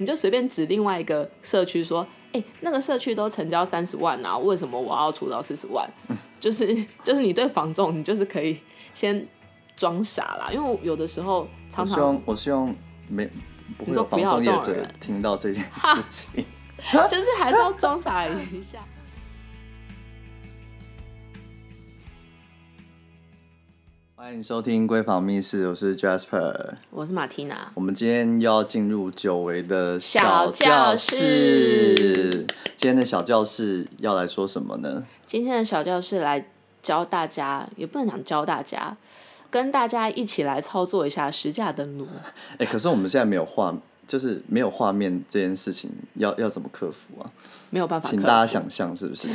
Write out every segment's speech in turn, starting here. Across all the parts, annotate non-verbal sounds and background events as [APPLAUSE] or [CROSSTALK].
你就隨便指另外一個社區說，哎、欸，那個社區都成交三十萬啊，為什麼我要出到四十萬、嗯？就是就是，你對房仲，你就是可以先裝傻啦，因為有的時候常常我希望我希望沒不要讓房仲業者聽到這件事情，就是還是要裝傻一、欸、下。歡迎收聽《閨房蜜事》，我是 Jasper，我是馬蒂娜。我們今天要進入久違的小教、小教室。今天的小教室要來說什麼呢？今天的小教室來教大家，也不能講教大家，跟大家一起來操作一下實價登錄。哎、 [LAUGHS] 欸，可是我們現在沒有換就是沒有畫面這件事情要，要要怎麼克服啊？沒有辦法，請大家想象是不是？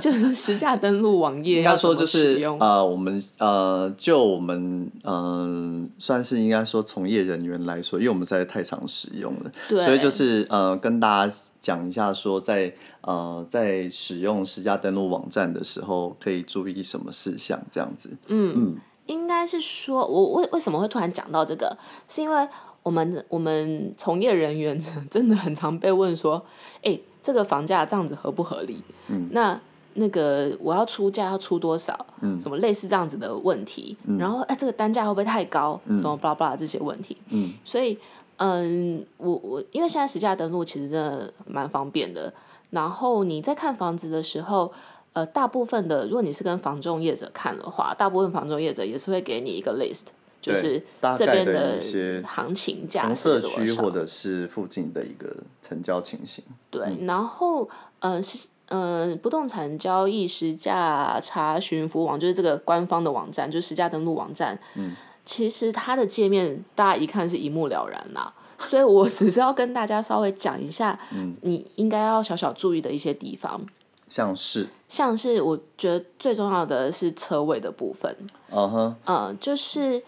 就是， [LAUGHS] 就是實價登錄網頁。應該說就是呃，我們呃，就我們呃，算是應該說從業人員來說，因為我們實在太常使用了，對，所以就是呃，跟大家講一下，說在呃在使用實價登錄網站的時候，可以注意什麼事項？這樣子。嗯嗯，應該是說我為為什麼會突然講到這個，是因為。我們我們從業人員真的很常被問說，哎、欸，這個房價這樣子合不合理？嗯，那那個我要出價要出多少？嗯，什麼類似這樣子的問題？嗯、然後哎、欸，這個單價會不會太高？什麼 blah blah, blah 這些問題？嗯，嗯，所以嗯，我我因為現在實價登錄其實真的蠻方便的。然後你在看房子的時候，呃，大部分的，如果你是跟房仲業者看的話，大部分房仲業者也是會給你一個 list。就是這邊的一些行情價，社區、或者是附近的一個成交情形。對，嗯、然後呃是呃不動產交易實價查詢服務網，就是這個官方的網站，就是實價登錄網站。嗯，其實它的界面大家一看是一目了然啦， [LAUGHS] 所以我只是要跟大家稍微講一下，嗯、你應該要小小注意的一些地方。像是像是我覺得最重要的是車位的部分。嗯、uh、哼 -huh，嗯，就是。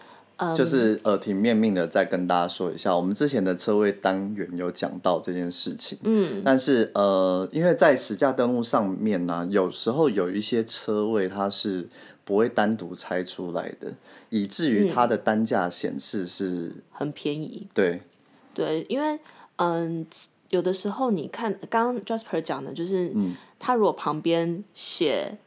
Um, 就是呃耳提面命的再跟大家說一下，我們之前的車位單元有講到這件事情。嗯。但是呃，因為在實價登錄上面呢、啊，有時候有一些車位它是不會單獨拆出來的，以至於它的單價顯示是、嗯、很便宜。對。對，因為嗯，有的時候你看剛剛 Jasper 講的，就是、嗯、他如果旁邊寫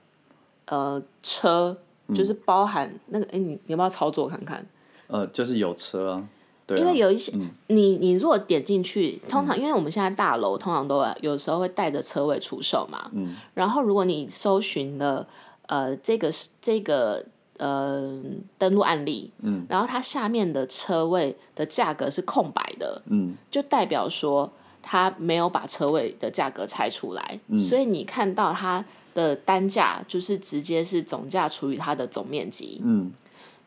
呃車，就是包含那個，哎、嗯欸，你你要不要操作看看？呃，就是有車、啊對啊，因為有一些、嗯、你你如果點進去，通常因為我們現在大樓通常都有時候會帶着車位出售嘛。嗯。然後如果你搜尋了呃這個這個呃登錄案例，嗯。然後它下面的車位的價格是空白的，嗯。就代表說它沒有把車位的價格拆出來、嗯，所以你看到它的單價就是直接是總價除以它的總面積，嗯。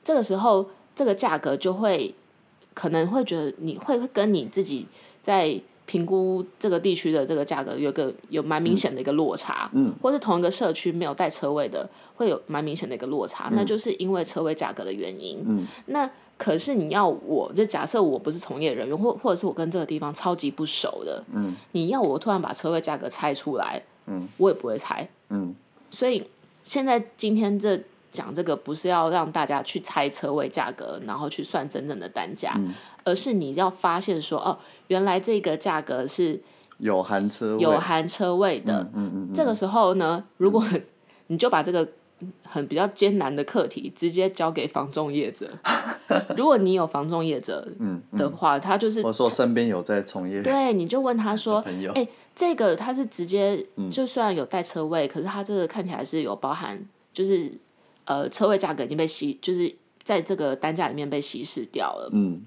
這個時候。這個價格就會可能會覺得你會跟你自己在評估這個地區的這個價格有個有蠻明顯的一個落差，嗯，嗯，或是同一個社區沒有帶車位的會有蠻明顯的一個落差，嗯，那就是因為車位價格的原因，嗯，那可是你要我就假設我不是從業人員或或者是我跟這個地方超級不熟的，嗯，你要我突然把車位價格猜出來，嗯，我也不會猜，嗯，所以現在今天這。講這個不是要讓大家去猜車位價格，然後去算真正的單價，嗯，而是你要發現說哦，原來這個價格是有含車位、有含車位的。嗯嗯嗯嗯、這個時候呢，如果、嗯、你就把這個很比較艱難的課題直接交給房仲業者， [LAUGHS] 如果你有房仲業者的話，嗯嗯、他就是我說身邊有在從業，對，你就問他說哎、欸，這個他是直接就算有帶車位，可是他這個看起來是有包含就是。呃，車位價格已經被稀，就是在這個單價裡面被稀釋掉了。嗯，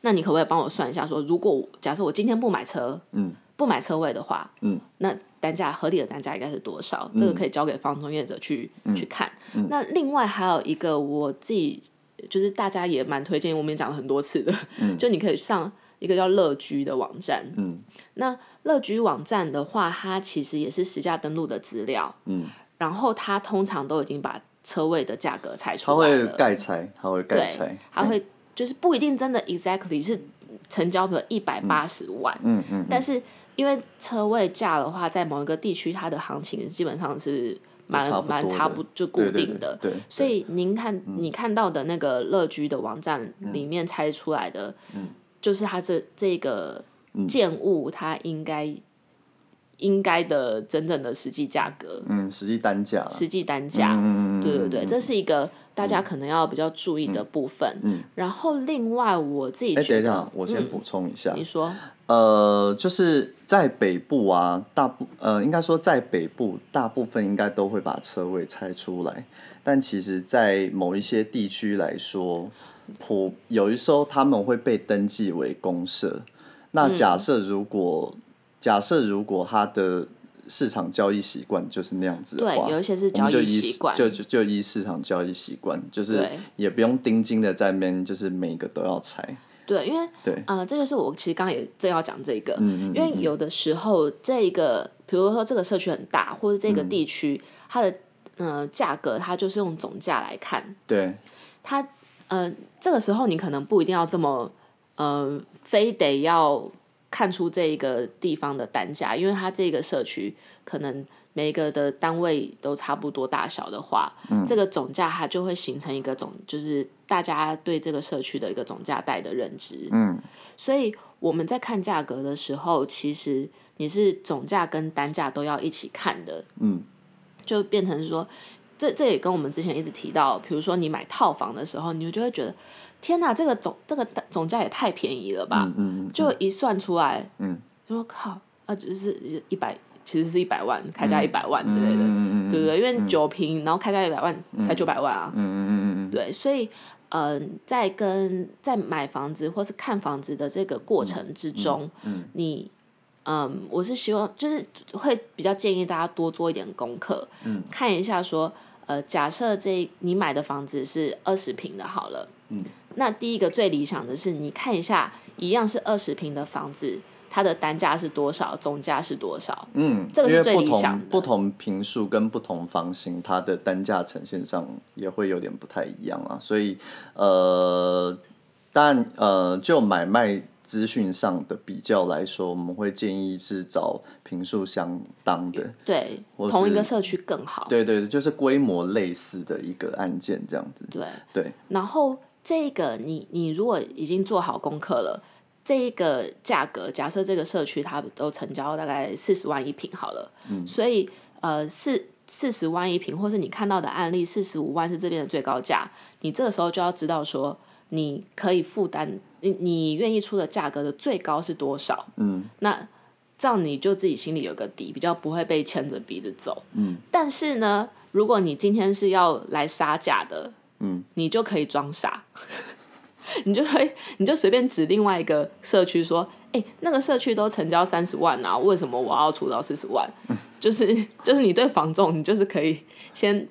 那你可不可以幫我算一下說，說如果假設我今天不買車，嗯，不買車位的話，嗯，那單價合理的單價應該是多少、嗯？這個可以交給房仲業者去、嗯、去看、嗯。那另外還有一個我自己，就是大家也蠻推薦，我們也講了很多次的，嗯， [LAUGHS] 就你可以上一個叫樂居的網站，嗯，那樂居網站的話，它其實也是實價登錄的資料，嗯，然後它通常都已經把。車位的價格猜出來的，他會蓋猜，他會蓋猜、欸、會就是不一定真的，exactly 是成交的一百八十萬，嗯嗯，嗯，嗯，但是因為車位價的話，在某一個地區，它的行情基本上是蠻蠻差不多差不多就固定的，對，對，對，對，對，對，所以您看，對對對你，看、嗯、你看到的那個樂居的網站裡面猜出來的，就是它這這個建物，它應該。應該的真正的實際價格，嗯，實際單價，實際單價，嗯,嗯對對對、嗯，這是一個大家可能要比較注意的部分。嗯，嗯嗯，然後另外我自己，哎、欸，等一下，嗯、我先補充一下，你說，呃，就是在北部啊，大部，呃，應該說在北部，大部分應該都會把車位拆出來，但其實，在某一些地區來說，普有的時候他們會被登記為公設。那假設如果、嗯假設如果他的市場交易習慣就是那樣子的話，對，有一些是交易習慣，就就依市場交易習慣，就是也不用定金的在面，就是每個都要拆。對，因為對，呃，這就是我其實剛剛也正要講這個，嗯，嗯，嗯，因為有的時候這一個，比如說，這個社區很大，或者這個地區，嗯，它的呃價格，它就是用總價來看，對，它呃這個時候你可能不一定要這麼呃非得要。看出這一個地方的單價，因為它這個社區可能每一個的單位都差不多大小的話，嗯，這個總價它就會形成一個總，就是大家對這個社區的一個總價帶的認知。嗯。所以我們在看價格的時候，其實你是總價跟單價都要一起看的。嗯，就變成說，這這也跟我們之前一直提到，比如說你買套房的時候，你就會覺得。天哪，這個總這個總價也太便宜了吧！嗯嗯嗯、就一算出來，嗯、就靠，啊就是一百，其實是一百萬，開價一百萬之類的，嗯嗯、對不對？因為九平、嗯，然後開價一百萬才九百萬啊。嗯嗯嗯對，所以，嗯、呃，在跟在買房子或是看房子的這個過程之中，嗯嗯嗯、你，嗯、呃，我是希望就是會比較建議大家多做一點功課，嗯、看一下說，呃，假設這你買的房子是二十平的，好了。嗯那第一個最理想的是，你看一下一樣是二十坪的房子，它的單價是多少，總價是多少？嗯，這個是最理想的。因為不同、不同坪數跟不同房型，它的單價呈現上也會有點不太一樣啊。所以，呃，但呃，就買賣資訊上的比較來說，我們會建議是找坪數相當的，對，同一個社區更好。對對對，就是規模類似的一個案件這樣子。對對，然後。這個你你如果已經做好功課了，這個價格假設這個社區它都成交大概四十萬一坪好了，嗯，所以呃四四十萬一坪，或是你看到的案例四十五萬是這邊的最高價，你這個時候就要知道說你可以負擔你,你願意出的價格的最高是多少，嗯，那這樣你就自己心裡有個底，比較不會被牽着鼻子走，嗯，但是呢，如果你今天是要來殺價的。嗯，你就可以裝傻， [LAUGHS] 你就可以，你就隨便指另外一個社區說，哎、欸，那個社區都成交三十萬啊，為什麼我要出到四十萬？嗯、就是，就是你對房仲，你就是可以先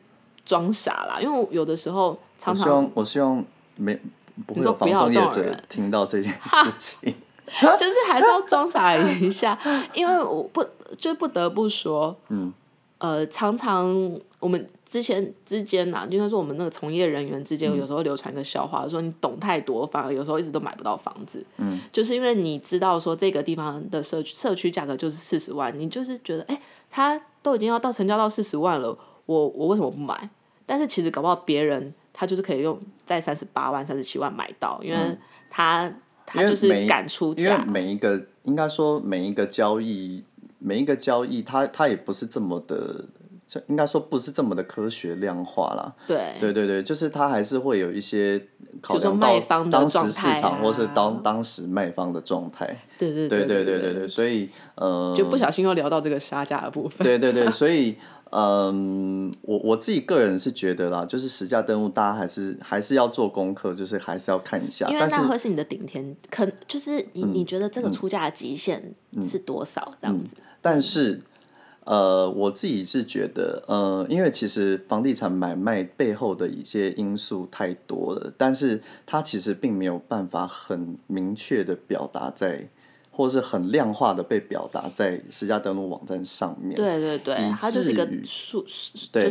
裝傻啦，因為有的時候常常，我希望，我希望沒不會房仲業者聽到這件事情， [LAUGHS] [LAUGHS] 就是還是要裝傻一下，因為我不就不得不說，嗯，呃，常常我們。之前之間吶、啊，應該說我們那個從業人員之間，有時候流傳一個笑話，說你懂太多，反而有時候一直都買不到房子。嗯，就是因為你知道說這個地方的社區社區價格就是四十萬，你就是覺得哎、欸，他都已經要到成交到四十萬了，我我為什麼不買？但是其實搞不好別人他就是可以用在三十八萬、三十七萬買到，因為他、嗯、他就是敢出價。因為每,因為每一個，應該說每一個交易，每一個交易，他他也不是這麼的。應該說不是這麼的科學量化啦，對對對對，就是它還是會有一些考慮到當時市場或是當、啊、當,時或是當,當時賣方的狀態，對對對對對對,對所以呃就不小心又聊到這個殺價的部分，對對對，所以嗯、呃，我我自己個人是覺得啦，就是實價登錄大家還是還是要做功課，就是還是要看一下，因為那會是你的頂天，可就是你、嗯、你覺得這個出價的極限是多少這樣子，嗯嗯嗯、但是。嗯呃，我自己是覺得，呃，因為其實房地產買賣背後的一些因素太多了，但是它其實並沒有辦法很明確的表達在。或是很量化的被表達在實價登錄網站上面，對對對，它就是個數，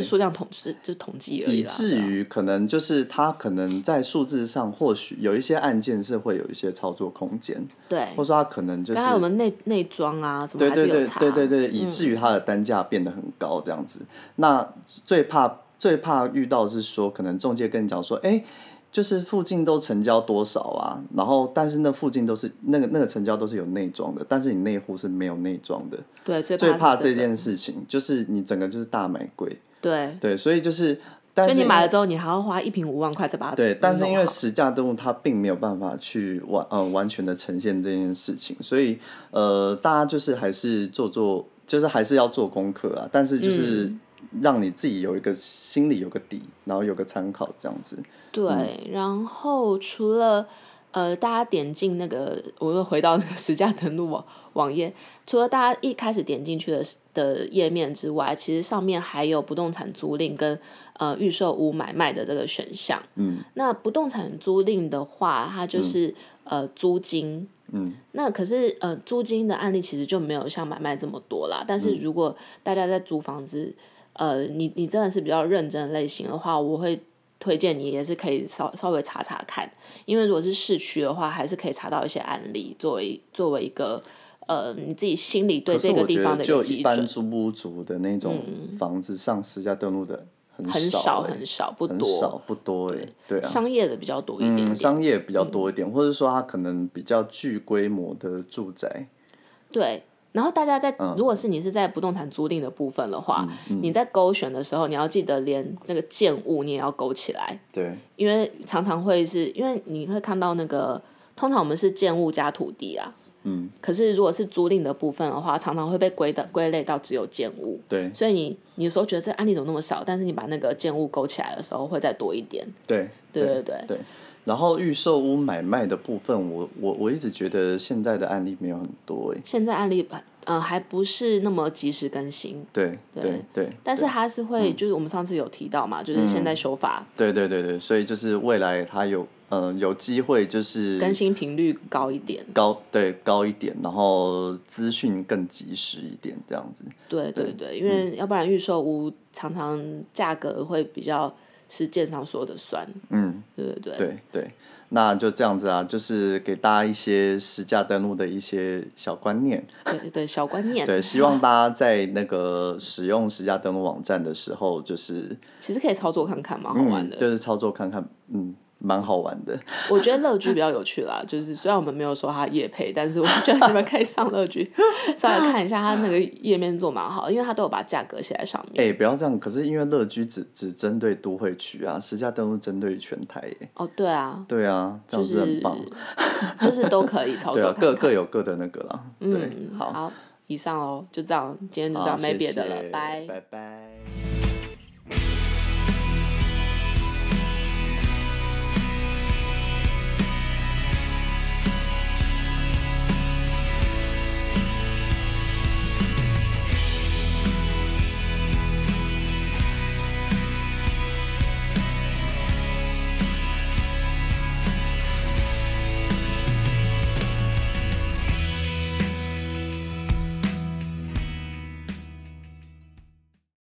數量統是就統計而已。以至於可能就是它可能在數字上，或許有一些案件是會有一些操作空間，對，或者說它可能就是我們內內裝啊什麼，對對對對對，以至於它的單價變得很高這樣子。嗯、那最怕最怕遇到是說，可能中介跟你講說，哎、欸。就是附近都成交多少啊？然後，但是那附近都是那個那個成交都是有內裝的，但是你內戶是沒有內裝的。對，最怕,這,最怕這件事情就是你整個就是大買貴。對對，所以就是，但是你買了之後，你還要花一坪五萬塊再把它。對，但是因為實價登錄，它並沒有辦法去完嗯、呃、完全的呈現這件事情，所以呃大家就是還是做做，就是還是要做功課啊。但是就是。嗯讓你自己有一個心裡有個底，然後有個參考這樣子。對，嗯、然後除了呃，大家點進那個，我又回到那個實價登錄網網頁。除了大家一開始點進去的的頁面之外，其實上面還有不動產租賃跟呃預售屋買賣的這個選項。嗯。那不動產租賃的話，它就是、嗯、呃租金。嗯。那可是呃租金的案例其實就沒有像買賣這麼多啦。但是如果大家在租房子。嗯呃，你你真的是比較認真的類型的話，我會推薦你也是可以稍稍微查查看，因為如果是市區的話，還是可以查到一些案例，作為作為一個呃你自己心裡對這個地方的一個。一就一般租屋族的那種房子、嗯、上實價登錄的很少、欸、很少,很少不多很少不多哎、欸、對,對啊商業的比較多一點點、嗯、商業比較多一點，嗯、或者說它可能比較具規模的住宅對。然後大家在，嗯，如果是你是在不動產租賃的部分的話，嗯嗯，你在勾選的時候，你要記得連那個建物你也要勾起來。對，因為常常會是因為你會看到那個，通常我們是建物加土地啊。嗯，可是如果是租賃的部分的話，常常會被歸的歸類到只有建物。對，所以你你有時候覺得這案例怎麼那麼少？但是你把那個建物勾起來的時候，會再多一點。對，對對對對，對。然後預售屋買賣的部分，我我我一直覺得現在的案例沒有很多哎。現在案例嗯，還不是那麼及時更新，對對對。但是它是會，就是我們上次有提到嘛、嗯，就是現在修法。對對對對，所以就是未來它有嗯、呃，有機會就是。更新頻率高一點。高對高一點，然後資訊更及時一點，這樣子。對對對，對因為要不然預售屋常常價格會比較。是踐上說的算，嗯，對對對，對、對那就這樣子啊，就是給大家一些實價登錄的一些小觀念，對對、對小觀念， [LAUGHS] 對，希望大家在那個使用實價登錄網站的時候，就是其實可以操作看看嘛，蠻好玩的，嗯，就是操作看看，嗯。蠻好玩的，我覺得樂居比較有趣啦。 [LAUGHS] 就是雖然我們沒有說它業配，但是我覺得你們可以上樂居，稍 [LAUGHS] 微看一下它那個頁面做蠻好，因為它都有把價格寫在上面。哎、欸，不要這樣，可是因為樂居只只針對都會區啊，實價登錄針對全台耶。哦，對啊，對啊，這樣是很棒、就是，就是都可以操作 [LAUGHS] 對、啊 [LAUGHS] 對啊、各各有各的那個啦。嗯，對好，好，以上哦、喔，就這樣，今天就這樣，沒別的了謝謝，拜拜。拜拜